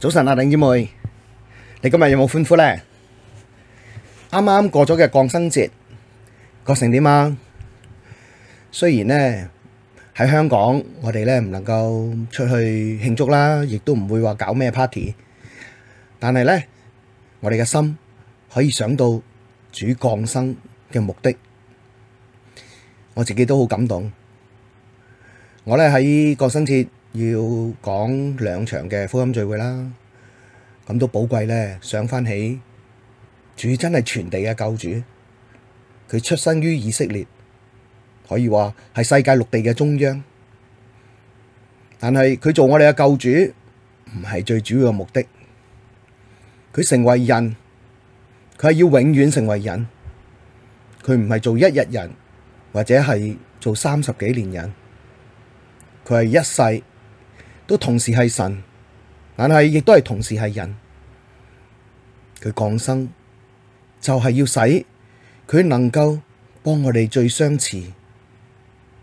早晨啊，林姨妹，你今日有冇歡呼咧？啱啱過咗嘅降生節，過成點啊？雖然咧喺香港，我哋咧唔能夠出去慶祝啦，亦都唔會話搞咩 party，但係咧我哋嘅心可以想到主降生嘅目的，我自己都好感動。我咧喺降生節。要講兩場嘅福音聚會啦，咁都寶貴咧。想翻起主真係全地嘅救主，佢出身於以色列，可以話係世界陸地嘅中央。但係佢做我哋嘅救主，唔係最主要嘅目的。佢成為人，佢係要永遠成為人。佢唔係做一日人，或者係做三十幾年人，佢係一世。都同時係神，但係亦都係同時係人。佢降生就係要使佢能夠幫我哋最相似。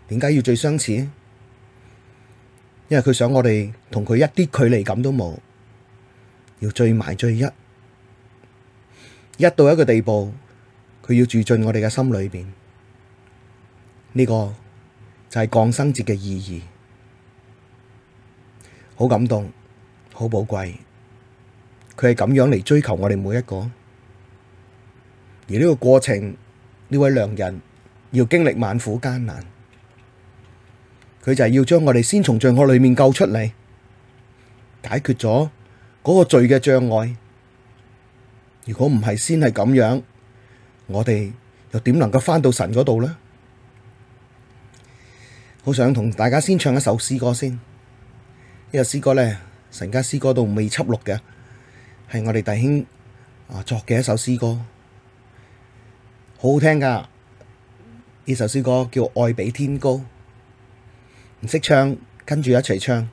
點解要最相似？因為佢想我哋同佢一啲距離感都冇，要最埋最一，一到一個地步，佢要住進我哋嘅心裏面。呢個就係降生節嘅意義。好感動，好寶貴，佢係咁樣嚟追求我哋每一個，而呢個過程，呢位良人要經歷萬苦艱難，佢就係要將我哋先從罪惡裏面救出嚟，解決咗嗰個罪嘅障礙。如果唔係，先係咁樣，我哋又點能夠翻到神嗰度呢？好想同大家先唱一首詩歌先。呢個詩歌呢，成家詩歌都未輯錄嘅，係我哋弟兄作嘅一首詩歌，好好聽噶。呢首詩歌叫《愛比天高》，唔識唱跟住一齊唱。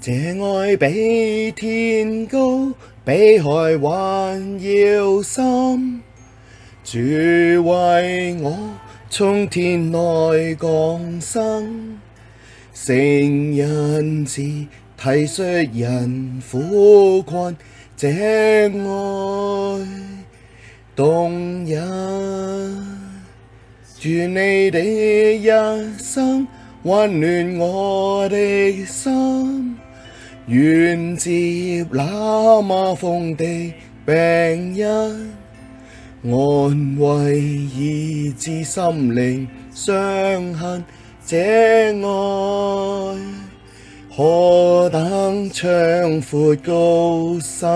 唱這愛比天高，比海還要深，主為我。從天來降生，成人子體恤人苦困，這愛動人。主你的一生溫暖我的心，願接納痲瘋的病人。安慰醫治心靈傷痕，這愛何等長闊高深，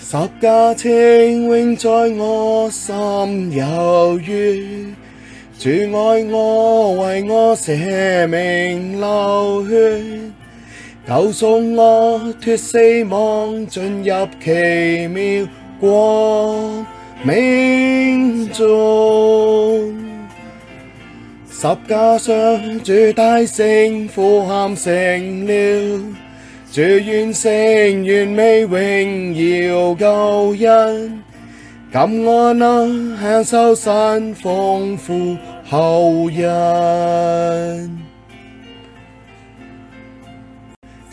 十架情永在我心由於，主愛我為我捨命流血。救贖我脫死亡，進入奇妙光明中。十架上主大聲呼喊成了，主完成完美榮耀救恩，今我能享受神豐富厚恩。.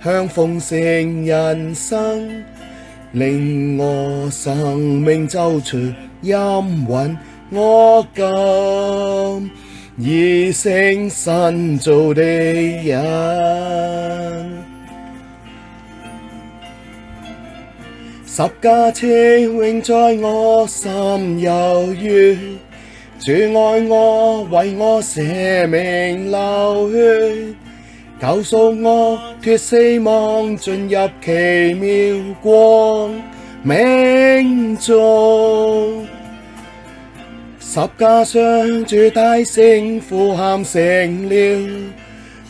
享豐盛人生，令我生命奏出音韻，陰魂我今已成新造的人。十架情永在我心由於，主愛我為我捨命流血。救贖我脫死亡，進入奇妙光明中。十架上主大聲呼喊成了，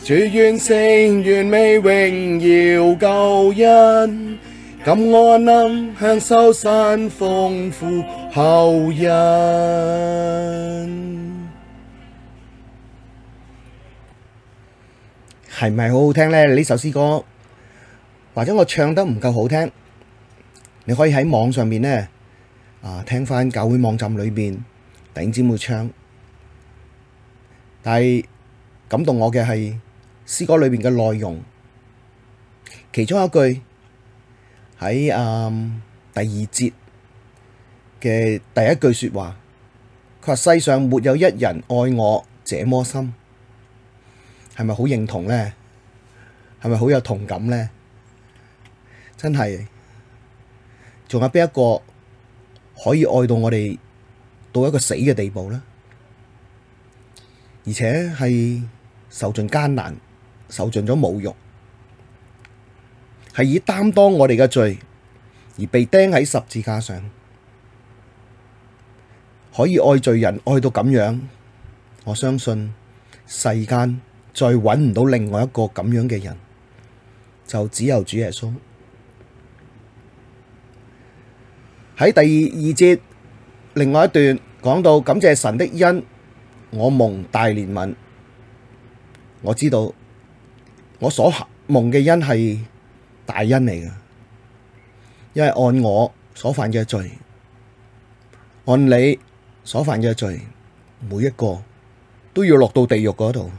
主完成完美榮耀救恩，今我能享受神豐富厚恩。係唔係好好聽呢？呢首詩歌或者我唱得唔夠好聽，你可以喺網上面呢，啊，聽翻教會網站裏邊弟兄姊妹唱。但係感動我嘅係詩歌裏邊嘅內容，其中一句喺、嗯、第二節嘅第一句說話，佢話，世上沒有一人愛我這麼深。係咪好認同呢？係咪好有同感呢？真係，仲有邊一個可以愛到我哋到一個死嘅地步呢？而且係受盡艱難，受盡咗侮辱，係以擔當我哋嘅罪而被釘喺十字架上，可以愛罪人愛到咁樣，我相信世間。再搵唔到另外一個咁樣嘅人，就只有主耶穌。喺第二節，另外一段講到感謝神的恩，我蒙大憐憫。我知道我所蒙嘅恩係大恩嚟嘅，因為按我所犯嘅罪，按你所犯嘅罪，每一個都要落到地獄嗰度。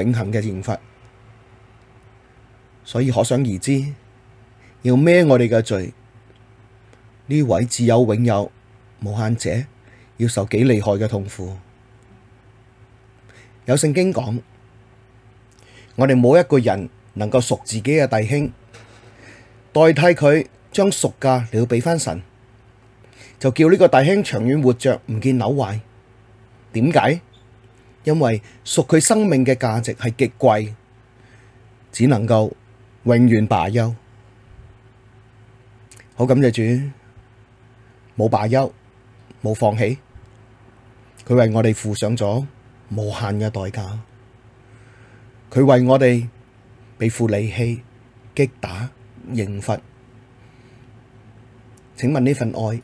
永恒嘅懲罰，所以可想而知，要孭我哋嘅罪，呢位自有永有、無限者，要受幾厲害嘅痛苦。有聖經講，我哋冇一個人能夠贖自己嘅弟兄，代替佢將贖價嚟到俾翻神，就叫呢個弟兄長遠活着，唔見朽壞。點解？因為贖佢生命嘅價值係極貴，只能夠永遠罷休。好感謝主，冇罷休，冇放棄。佢為我哋付上咗無限嘅代價，佢為我哋被父離棄、擊打、刑罰。請問呢份愛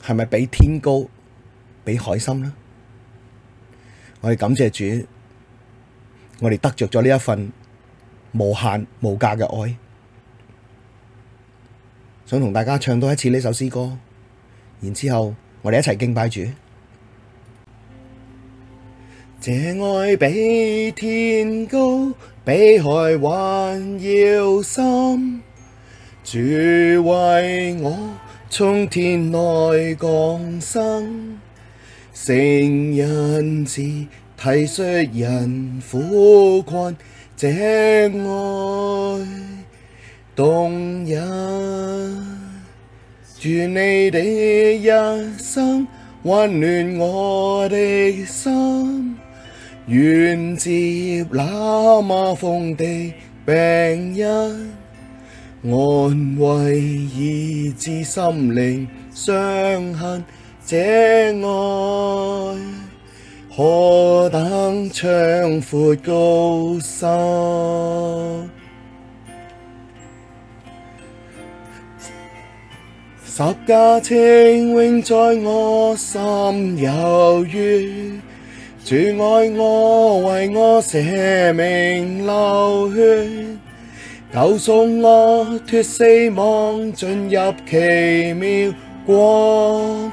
係咪比天高、比海深呢？我哋感謝主，我哋得着咗呢一份無限無價嘅愛，想同大家唱多一次呢首詩歌，然之後我哋一齊敬拜主。這愛比天高，比海還要深，主為我從天來降生。成人子體恤人苦困，這愛動人。主你的一生溫暖我的心，願接納痲瘋的病人，安慰醫治心靈傷痕。這愛何等長闊高深。十架情永在我心由於，主愛我為我捨命流血，救贖我脫死亡進入奇妙光。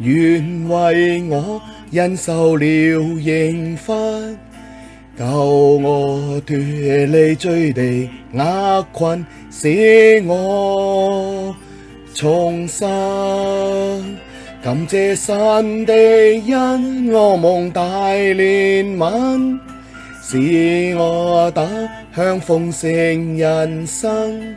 願為我忍受了刑罰，救我脫離罪的軛困，使我重生。感謝神的恩，我蒙大憐憫，使我得享豐盛人生，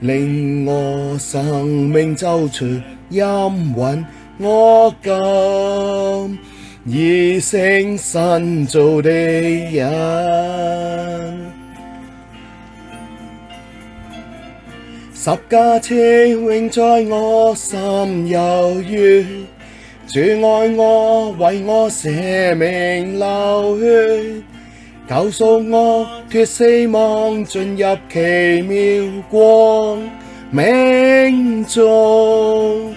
令我生命奏出音韻。我今已成新造的人，十架情永在我心由於，主愛我為我捨命流血，救贖我脫死亡進入奇妙光明中。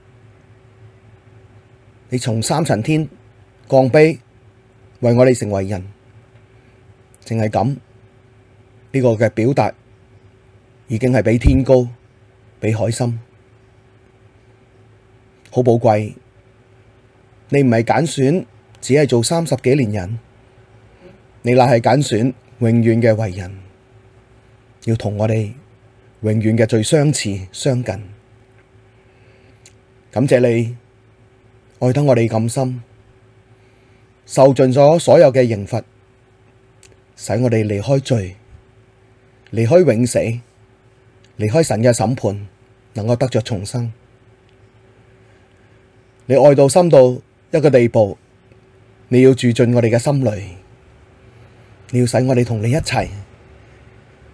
你從三層天降卑，為我哋成為人，淨係咁呢個嘅表達，已經係比天高，比海深，好寶貴。你唔係揀選，只係做三十幾年人，你乃係揀選，永遠嘅為人，要同我哋永遠嘅最相似相近。感謝你。愛得我哋咁深，受盡咗所有嘅刑罰，使我哋離開罪，離開永死，離開神嘅審判，能夠得着重生。你愛到深到一個地步，你要住進我哋嘅心裏，你要使我哋同你一齊，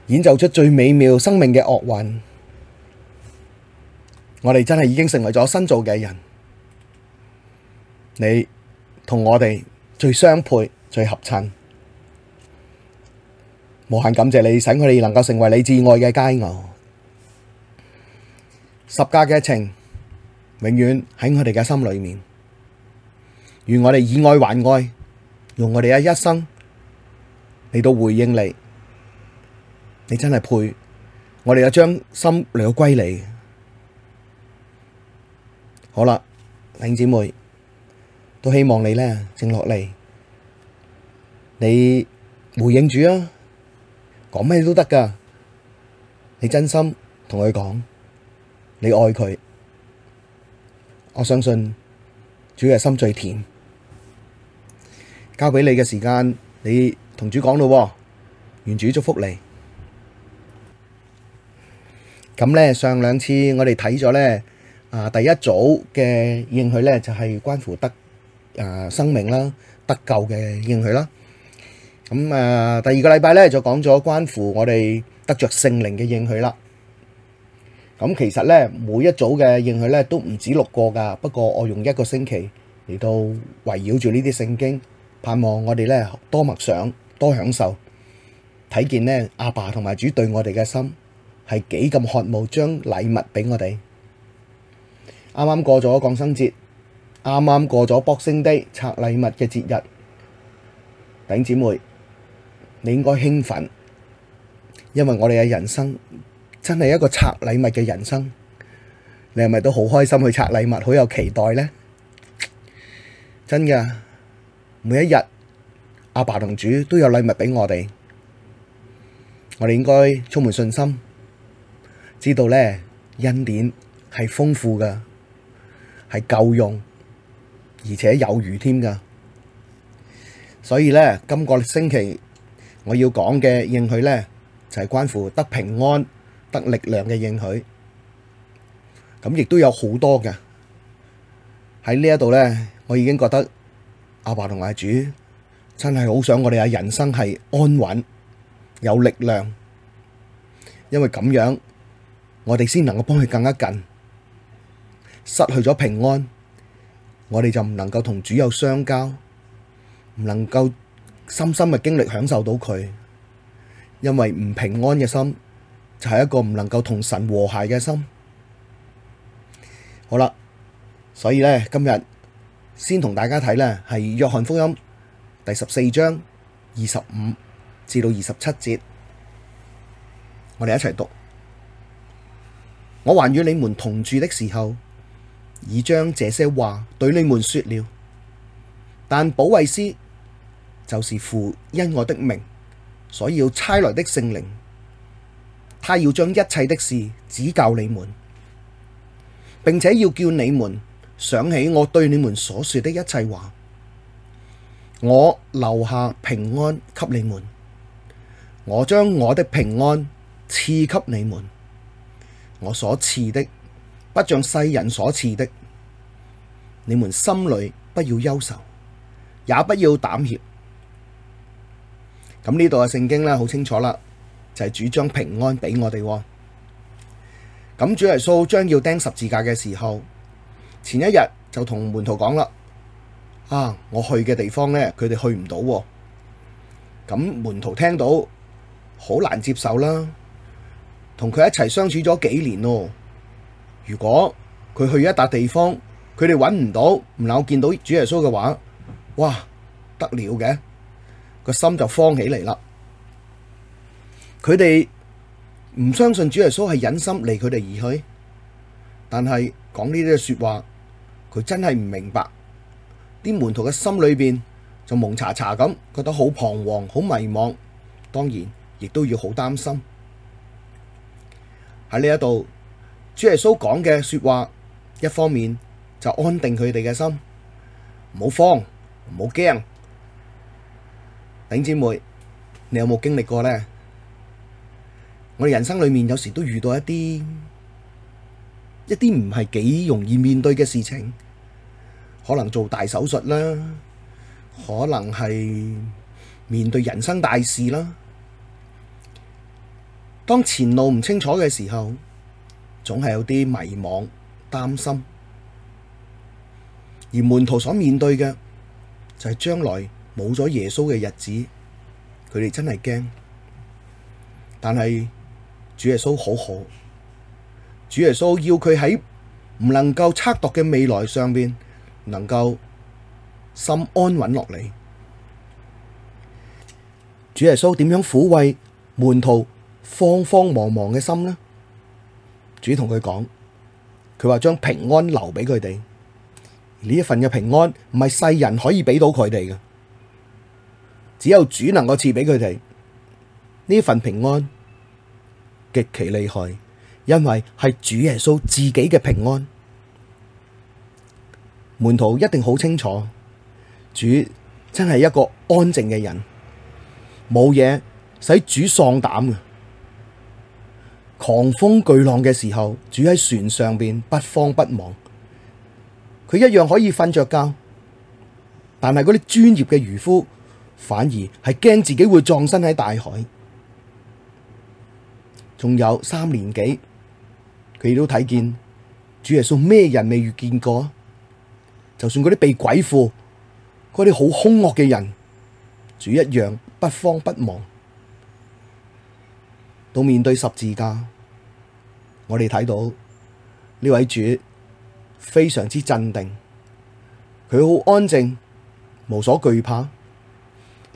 演奏出最美妙生命嘅樂韻。我哋真係已經成為咗新造嘅人。你同我哋最相配、最合襯，無限感謝你，使我哋能夠成為你至愛嘅佳偶。十架嘅情，永遠喺我哋嘅心裏面。願我哋以愛還愛，用我哋嘅一生嚟到回應你。你真係配，我哋有將心嚟到歸你。好啦，弟兄姊妹。都希望你呢，靜落嚟，你回應主啊，講咩都得㗎，你真心同佢講，你愛佢，我相信主嘅心最甜。交俾你嘅時間，你同主講咯，願主祝福你。咁呢，上兩次我哋睇咗呢，啊，第一組嘅應許呢就係關乎得。誒，生命啦，得救嘅應許啦，咁啊，第二個禮拜咧，就講咗關乎我哋得着聖靈嘅應許啦。咁其實咧，每一組嘅應許咧都唔止六個噶，不過我用一個星期嚟到圍繞住呢啲聖經，盼望我哋咧多默想，多享受，睇見咧阿爸同埋主對我哋嘅心係幾咁渴望，將禮物俾我哋。啱啱過咗降生節。啱啱過咗 Boxing Day 拆禮物嘅節日，頂姐妹，你應該興奮，因為我哋嘅人生真係一個拆禮物嘅人生。你係咪都好開心去拆禮物，好有期待呢？真嘅，每一日阿爸同主都有禮物俾我哋，我哋應該充滿信心，知道呢恩典係豐富㗎，係夠用。而且有餘添噶，所以咧，今個星期我要講嘅應許咧，就係關乎得平安、得力量嘅應許。咁亦都有好多嘅喺呢一度咧，我已經覺得阿爸同阿主真係好想我哋啊，人生係安穩有力量，因為咁樣我哋先能夠幫佢更加近。失去咗平安，我哋就唔能夠同主有相交，唔能夠深深嘅經歷享受到佢，因為唔平安嘅心就係一個唔能夠同神和諧嘅心。好啦，所以呢，今日先同大家睇呢係約翰福音第十四章二十五至到二十七節，我哋一齊讀。我還與你們同住的時候。已將這些話對你們說了，但保惠師就是父因我的名，所要差來的聖靈，他要將一切的事指教你們，並且要叫你們想起我對你們所說的一切話。我留下平安給你們，我將我的平安賜給你們，我所賜的，不像世人所賜的，你們心裡不要憂愁，也不要膽怯。咁呢度嘅聖經呢，好清楚啦，就係主將平安俾我哋。咁主耶穌將要釘十字架嘅時候，前一日就同門徒講啦：啊，我去嘅地方呢，佢哋去唔到。咁門徒聽到，好難接受啦。同佢一齊相處咗幾年哦。如果佢去一笪地方，佢哋揾唔到唔能見到主耶穌嘅話，哇，得了嘅個心就慌起嚟啦。佢哋唔相信主耶穌係忍心離佢哋而去，但係講呢啲嘅說話，佢真係唔明白。啲門徒嘅心裏面就蒙查查咁，覺得好彷徨、好迷惘，當然亦都要好擔心。喺呢一度，主耶穌講嘅說話，一方面就安定佢哋嘅心，唔好慌，唔好驚。頂姐妹，你有冇經歷過呢？我哋人生裏面有時都遇到一啲一啲唔係幾容易面對嘅事情，可能做大手術啦，可能係面對人生大事啦。當前路唔清楚嘅時候。總係有啲迷惘、擔心，而門徒所面對嘅就係將來冇咗耶穌嘅日子，佢哋真係驚。但係主耶穌好好，主耶穌要佢喺唔能夠測度嘅未來上面，能夠心安穩落嚟。主耶穌點樣撫慰門徒慌慌忙忙嘅心呢？主同佢講，佢話將平安留俾佢哋。呢一份嘅平安唔係世人可以俾到佢哋嘅，只有主能夠賜俾佢哋呢份平安，極其厲害，因為係主耶穌自己嘅平安。門徒一定好清楚，主真係一個安靜嘅人，冇嘢使主喪膽嘅。狂風巨浪嘅時候，主喺船上邊不慌不忙，佢一樣可以瞓着覺。但係嗰啲專業嘅漁夫反而係驚自己會葬身喺大海。仲有三年幾，佢亦都睇見主耶穌咩人未遇見過？就算嗰啲被鬼附、嗰啲好兇惡嘅人，主一樣不慌不忙。到面對十字架，我哋睇到呢位主非常之鎮定，佢好安靜，無所懼怕。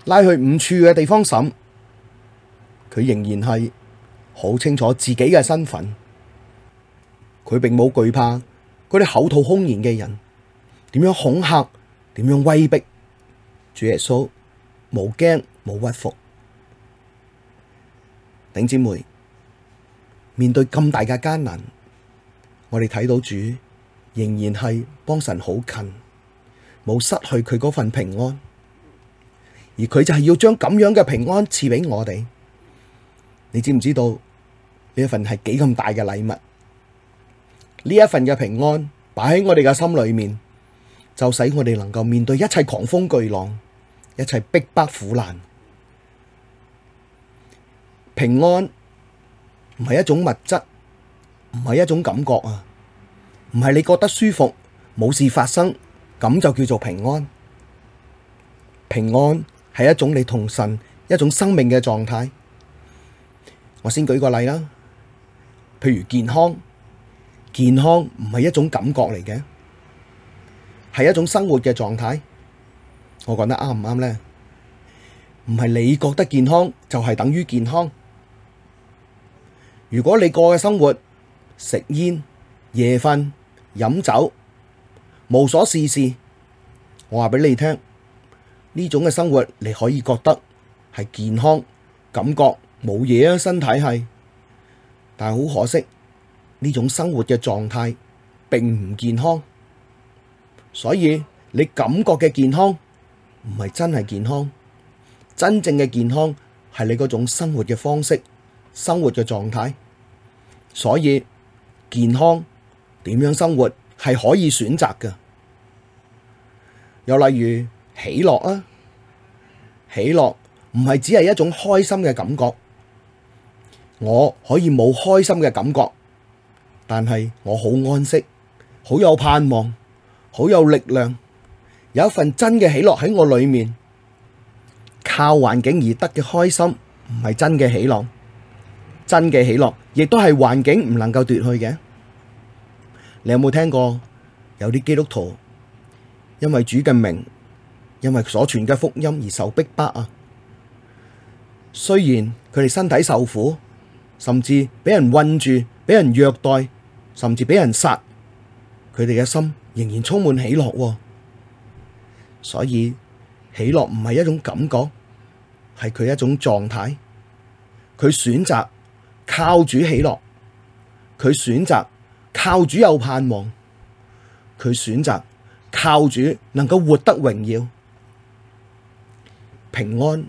拉去五處嘅地方審，佢仍然係好清楚自己嘅身份，佢並冇懼怕嗰啲口吐空言嘅人點樣恐嚇，點樣威逼主耶穌，冇驚冇屈服。頂姊妹面對咁大嘅艱難，我哋睇到主仍然係幫神好近，冇失去佢嗰份平安，而佢就係要將咁樣嘅平安賜俾我哋。你知唔知道呢一份係幾咁大嘅禮物？呢一份嘅平安擺喺我哋嘅心裏面，就使我哋能夠面對一切狂風巨浪，一切逼迫苦難。平安唔係一種物質，唔係一種感覺啊，唔係你覺得舒服、冇事發生咁就叫做平安。平安係一種你同神一種生命嘅狀態。我先舉個例啦，譬如健康，健康唔係一種感覺嚟嘅，係一種生活嘅狀態。我講得啱唔啱咧？唔係你覺得健康就係等於健康。如果你過嘅生活，食煙、夜瞓、飲酒、無所事事，我話俾你聽，呢種嘅生活你可以覺得係健康，感覺冇嘢啊，身體係，但係好可惜，呢種生活嘅狀態並唔健康，所以你感覺嘅健康唔係真係健康，真正嘅健康係你嗰種生活嘅方式。生活嘅狀態，所以健康點樣生活係可以選擇嘅。又例如，喜樂啊，喜樂唔係只係一種開心嘅感覺，我可以冇開心嘅感覺，但係我好安息，好有盼望，好有力量，有一份真嘅喜樂喺我裏面。靠環境而得嘅開心唔係真嘅喜樂。真嘅喜樂，亦都係環境唔能夠奪去嘅。你有冇聽過有啲基督徒因為主嘅名，因為所傳嘅福音而受逼迫啊？雖然佢哋身體受苦，甚至俾人困住、俾人虐待，甚至俾人殺，佢哋嘅心仍然充滿喜樂。所以喜樂唔係一種感覺，係佢一種狀態，佢選擇。靠主喜樂，佢選擇靠主有盼望，佢選擇靠主能夠活得榮耀平安。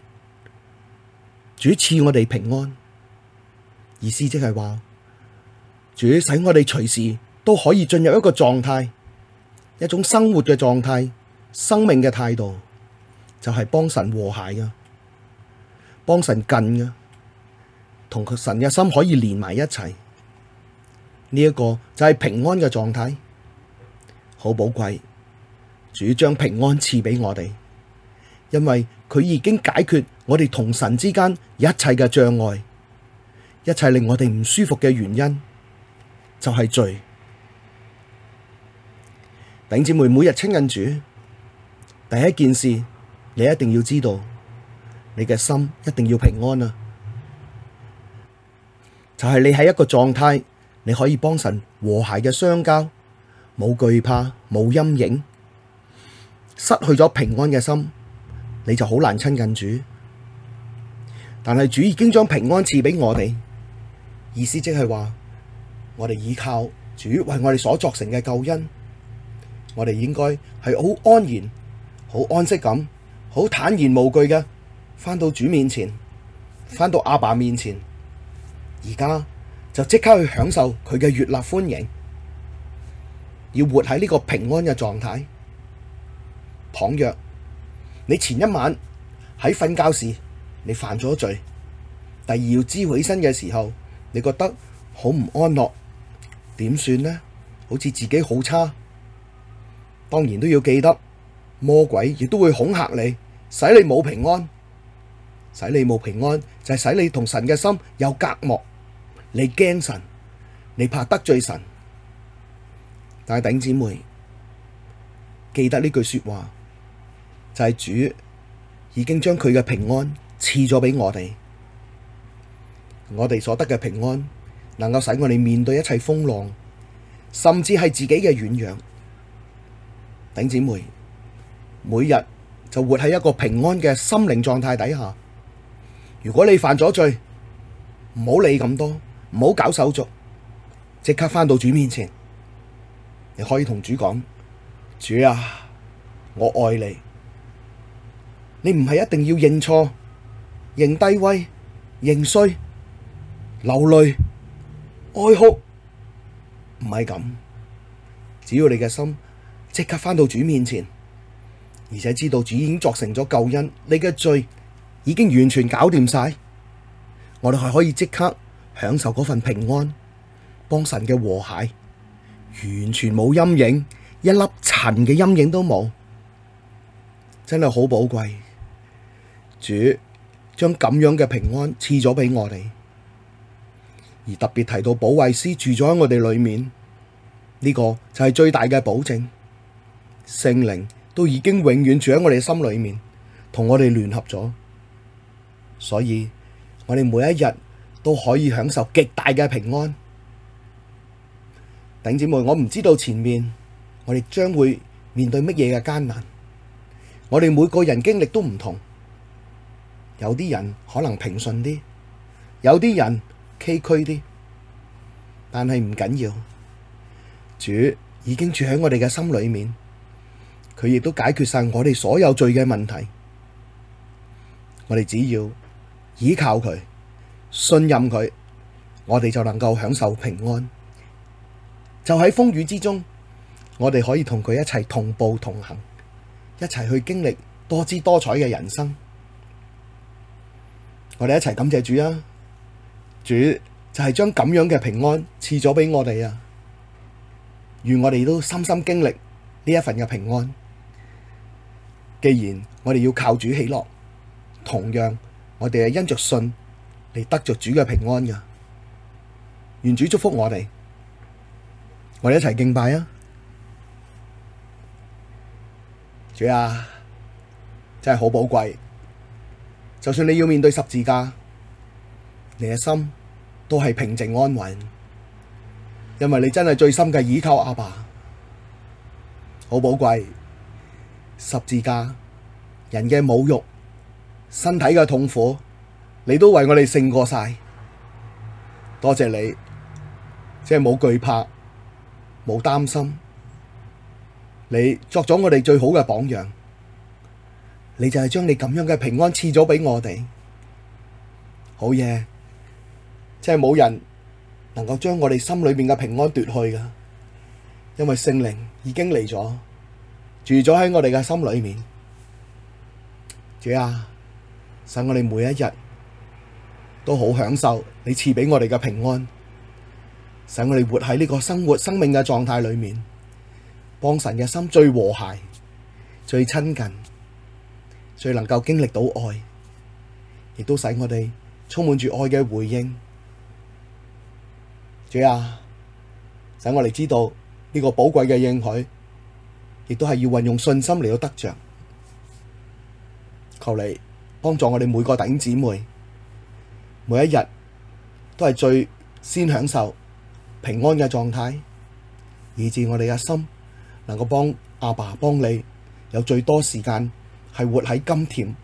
主賜我哋平安，意思即係話，主使我哋隨時都可以進入一個狀態，一種生活嘅狀態，生命嘅態度，就係、是、幫神和諧嘅，幫神近嘅。同神嘅心可以連埋一齊，呢、這、一個就係平安嘅狀態，好寶貴。主將平安賜俾我哋，因為佢已經解決我哋同神之間一切嘅障礙，一切令我哋唔舒服嘅原因就係、是、罪。頂姐妹每日親近主，第一件事你一定要知道，你嘅心一定要平安啊！就係你喺一個狀態，你可以幫神和諧嘅相交，冇懼怕，冇陰影，失去咗平安嘅心，你就好難親近主。但係主已經將平安賜俾我哋，意思即係話，我哋依靠主為我哋所作成嘅救恩，我哋應該係好安然、好安息咁、好坦然無懼嘅，返到主面前，返到阿爸面前。而家就即刻去享受佢嘅悅納歡迎，要活喺呢個平安嘅狀態。倘若你前一晚喺瞓覺時你犯咗罪，第二要知起身嘅時候，你覺得好唔安樂，點算呢？好似自己好差，當然都要記得魔鬼亦都會恐嚇你，使你冇平安，使你冇平安就係、是、使你同神嘅心有隔膜。你驚神，你怕得罪神，但係頂姐妹記得呢句說話，就係主已經將佢嘅平安賜咗俾我哋，我哋所得嘅平安能夠使我哋面對一切風浪，甚至係自己嘅軟弱。頂姐妹，每日就活喺一個平安嘅心靈狀態底下。如果你犯咗罪，唔好理咁多。唔好搞手續，即刻翻到主面前。你可以同主講：主啊，我愛你。你唔係一定要認錯、認低威、認衰、流淚、哀哭，唔係咁。只要你嘅心即刻翻到主面前，而且知道主已經作成咗救恩，你嘅罪已經完全搞掂晒，我哋係可以即刻。享受嗰份平安，幫神嘅和諧，完全冇陰影，一粒塵嘅陰影都冇，真係好寶貴。主將咁樣嘅平安賜咗畀我哋，而特別提到保惠師住咗喺我哋裏面，呢、這個就係最大嘅保證。聖靈都已經永遠住喺我哋心裏面，同我哋聯合咗，所以我哋每一日。都可以享受極大嘅平安，鄧姊妹。我唔知道前面我哋將會面對乜嘢嘅艱難，我哋每個人經歷都唔同，有啲人可能平順啲，有啲人崎嶇啲，但係唔緊要，主已經住喺我哋嘅心裏面，佢亦都解決晒我哋所有罪嘅問題，我哋只要倚靠佢。信任佢，我哋就能夠享受平安。就喺風雨之中，我哋可以同佢一齊同步同行，一齊去經歷多姿多彩嘅人生。我哋一齊感謝主啊！主就係將咁樣嘅平安賜咗俾我哋啊！願我哋都深深經歷呢一份嘅平安。既然我哋要靠主喜樂，同樣我哋係因着信。你得着主嘅平安㗎，願主祝福我哋，我哋一齊敬拜啊！主啊，真係好寶貴，就算你要面對十字架，你嘅心都係平靜安穩，因為你真係最深嘅倚靠阿爸，好寶貴。十字架、人嘅侮辱、身體嘅痛苦。你都為我哋勝過晒，多謝你，即係冇懼怕，冇擔心，你作咗我哋最好嘅榜樣，你就係將你咁樣嘅平安賜咗俾我哋，好嘢。即係冇人能夠將我哋心裏面嘅平安奪去噶，因為聖靈已經嚟咗，住咗喺我哋嘅心裏面，主啊，使我哋每一日。都好享受你賜俾我哋嘅平安，使我哋活喺呢個生活生命嘅狀態裏面，幫神嘅心最和諧、最親近、最能夠經歷到愛，亦都使我哋充滿住愛嘅回應。主啊，使我哋知道呢個寶貴嘅應許，亦都係要運用信心嚟到得着。求你幫助我哋每個弟兄姊妹。每一日都係最先享受平安嘅狀態，以至我哋嘅心能夠幫阿爸，爸幫你有最多時間係活喺甘甜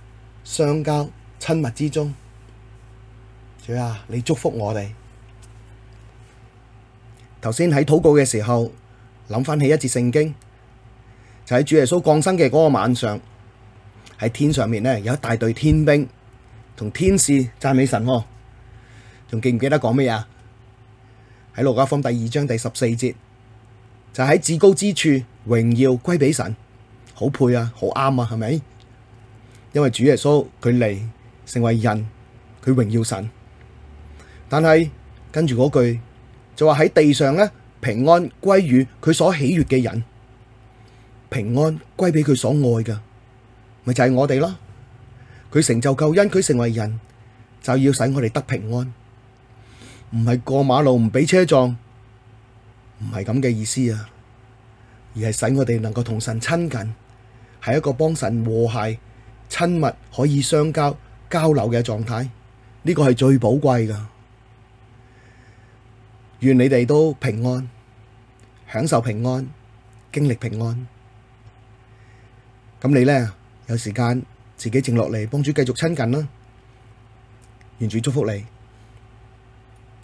相交親密之中。主啊，你祝福我哋。頭先喺禱告嘅時候諗翻起一節聖經，就喺，是，主耶穌降生嘅嗰個晚上，喺天上面呢有一大隊天兵。同天使讚美神、哦，仲記唔記得講咩啊？喺路加福音第二章第十四節，就喺、是、至高之處，榮耀歸俾神，好配啊，好啱啊，係咪？因為主耶穌佢嚟，成為人，佢榮耀神。但係跟住嗰句就話喺地上咧，平安歸於佢所喜悅嘅人，平安歸俾佢所愛嘅，咪就係、是、我哋咯。佢成就救恩，佢成為人就要使我哋得平安，唔係過馬路唔畀車撞，唔係咁嘅意思啊，而係使我哋能夠同神親近，係一個幫神和諧、親密可以相交交流嘅狀態，呢個係最寶貴噶。願你哋都平安，享受平安，經歷平安。咁你呢，有時間？自己靜落嚟，幫主繼續親近啦。願主祝福你。